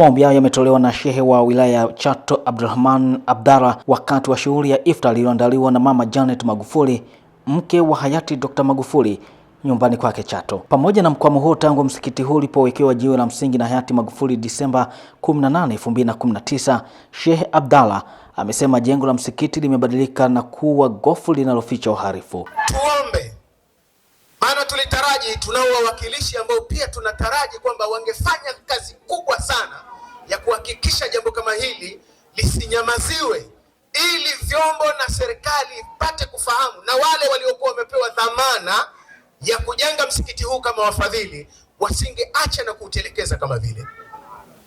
Maombi hayo yametolewa na shehe wa wilaya ya Chato Abdulrahman Abdalla wakati wa shughuli ya iftar iliyoandaliwa na Mama Janet Magufuli, mke wa hayati Dr. Magufuli nyumbani kwake Chato. Pamoja na mkwamo huo, tangu msikiti huu ulipowekewa jiwe la msingi na hayati Magufuli Disemba 18, 2019, Shehe Abdalla amesema jengo la msikiti limebadilika na kuwa gofu linaloficha uharifu. Tuombe tunayetaraji, tunao wawakilishi ambao pia tunataraji kwamba wangefanya kazi kubwa sana ya kuhakikisha jambo kama hili lisinyamaziwe, ili vyombo na serikali ipate kufahamu, na wale waliokuwa wamepewa dhamana ya kujenga msikiti huu kama wafadhili wasingeacha na kuutelekeza kama vile.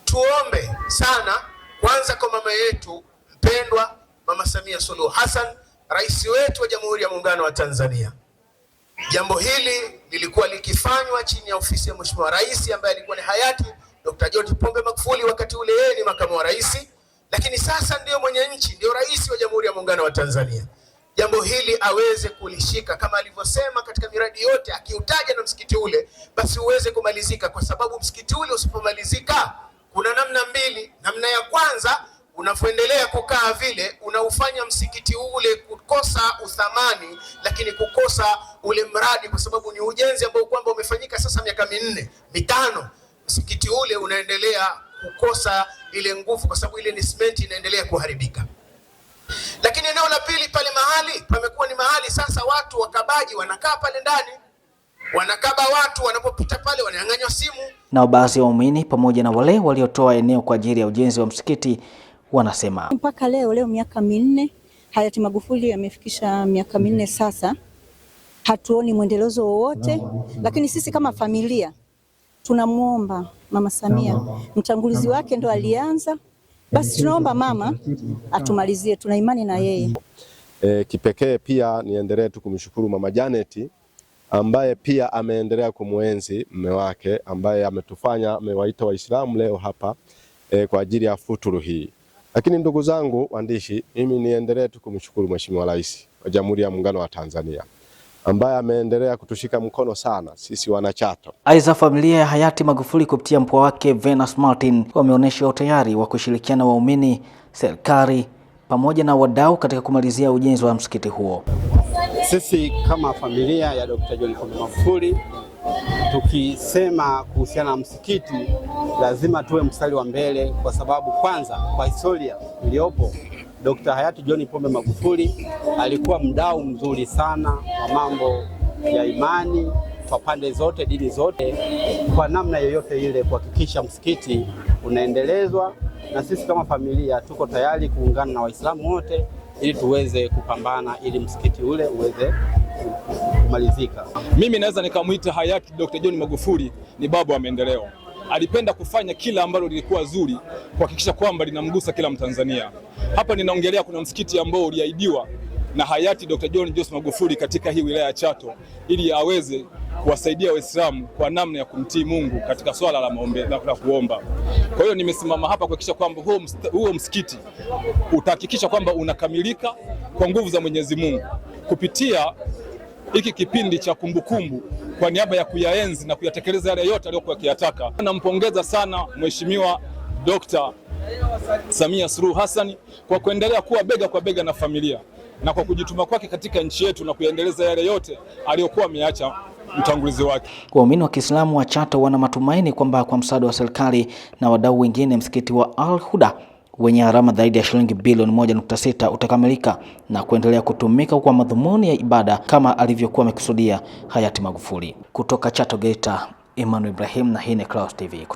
Tuombe sana kwanza kwa mama yetu mpendwa, Mama Samia Suluhu Hassan, rais wetu wa Jamhuri ya Muungano wa Tanzania. Jambo hili lilikuwa likifanywa chini ya ofisi ya Mheshimiwa Rais ambaye alikuwa ni hayati Dr. John Pombe Magufuli, wakati ule yeye ni makamu wa rais, lakini sasa ndiyo mwenye nchi, ndiyo rais wa Jamhuri ya Muungano wa Tanzania. Jambo hili aweze kulishika kama alivyosema katika miradi yote, akiutaja na msikiti ule basi uweze kumalizika, kwa sababu msikiti ule usipomalizika, kuna namna mbili. Namna ya kwanza, unavyoendelea kukaa vile unaufanya msikiti ule kukosa uthamani, lakini kukosa ule mradi, kwa sababu ni ujenzi ambao kwamba umefanyika sasa miaka minne mitano, msikiti ule unaendelea kukosa ile nguvu, kwa sababu ile ni simenti inaendelea kuharibika. Lakini eneo la pili pale mahali pamekuwa ni mahali sasa, watu wakabaji wanakaa pale ndani wanakaba watu wanapopita pale wananyang'anywa simu. Nao baadhi ya waumini pamoja na wale waliotoa eneo kwa ajili ya ujenzi wa msikiti wanasema mpaka leo leo miaka minne hayati Magufuli amefikisha miaka minne sasa, hatuoni mwendelezo wowote, lakini sisi kama familia tunamwomba Mama Samia, mtangulizi wake ndo alianza, basi tunaomba mama atumalizie, tuna imani na yeye. E, kipekee pia niendelee tu kumshukuru Mama Janeti ambaye pia ameendelea kumwenzi mme wake ambaye ametufanya amewaita Waislamu leo hapa e, kwa ajili ya futuru hii. Lakini ndugu zangu waandishi, mimi niendelee tu kumshukuru Mheshimiwa Rais wa Jamhuri ya Muungano wa Tanzania ambaye ameendelea kutushika mkono sana sisi wanachato. Aidha, familia ya hayati Magufuli kupitia mpwa wake Venus Martin wameonyesha utayari wa kushirikiana waumini, serikali pamoja na wadau katika kumalizia ujenzi wa msikiti huo. Sisi kama familia ya Dr. John Pombe Magufuli Tukisema kuhusiana na msikiti, lazima tuwe mstari wa mbele, kwa sababu kwanza, kwa historia iliyopo, Dr. hayati John Pombe Magufuli alikuwa mdau mzuri sana wa mambo ya imani kwa pande zote, dini zote, kwa namna yoyote ile kuhakikisha msikiti unaendelezwa, na sisi kama familia tuko tayari kuungana na Waislamu wote ili tuweze kupambana ili msikiti ule uweze kumalizika. Mimi naweza nikamwita hayati Dr. John Magufuli ni babu wa maendeleo. Alipenda kufanya kila ambalo lilikuwa zuri kuhakikisha kwamba linamgusa kila Mtanzania. Hapa ninaongelea kuna msikiti ambao uliahidiwa na hayati Dr. John Joseph Magufuli katika hii wilaya ya Chato ili aweze kuwasaidia Waislamu kwa namna ya kumtii Mungu katika swala la maombe la kuomba. Kwa hiyo nimesimama hapa kuhakikisha kwamba huo, huo msikiti utahakikisha kwamba unakamilika kwa nguvu za Mwenyezi Mungu kupitia hiki kipindi cha kumbukumbu kwa niaba ya kuyaenzi na kuyatekeleza yale yote aliyokuwa akiyataka. Nampongeza sana Mheshimiwa Dr. Samia Suluhu Hassan kwa kuendelea kuwa bega kwa bega na familia na kwa kujituma kwake katika nchi yetu na kuyaendeleza yale yote aliyokuwa ameacha mtangulizi wake. Waumini wa Kiislamu wa Chato wana matumaini kwamba kwa msaada wa serikali na wadau wengine msikiti wa Al Huda wenye gharama zaidi ya shilingi bilioni 1.6 utakamilika na kuendelea kutumika kwa madhumuni ya ibada kama alivyokuwa amekusudia hayati Magufuli. Kutoka Chato Geita, Emmanuel Ibrahim na hii ni Clouds TV.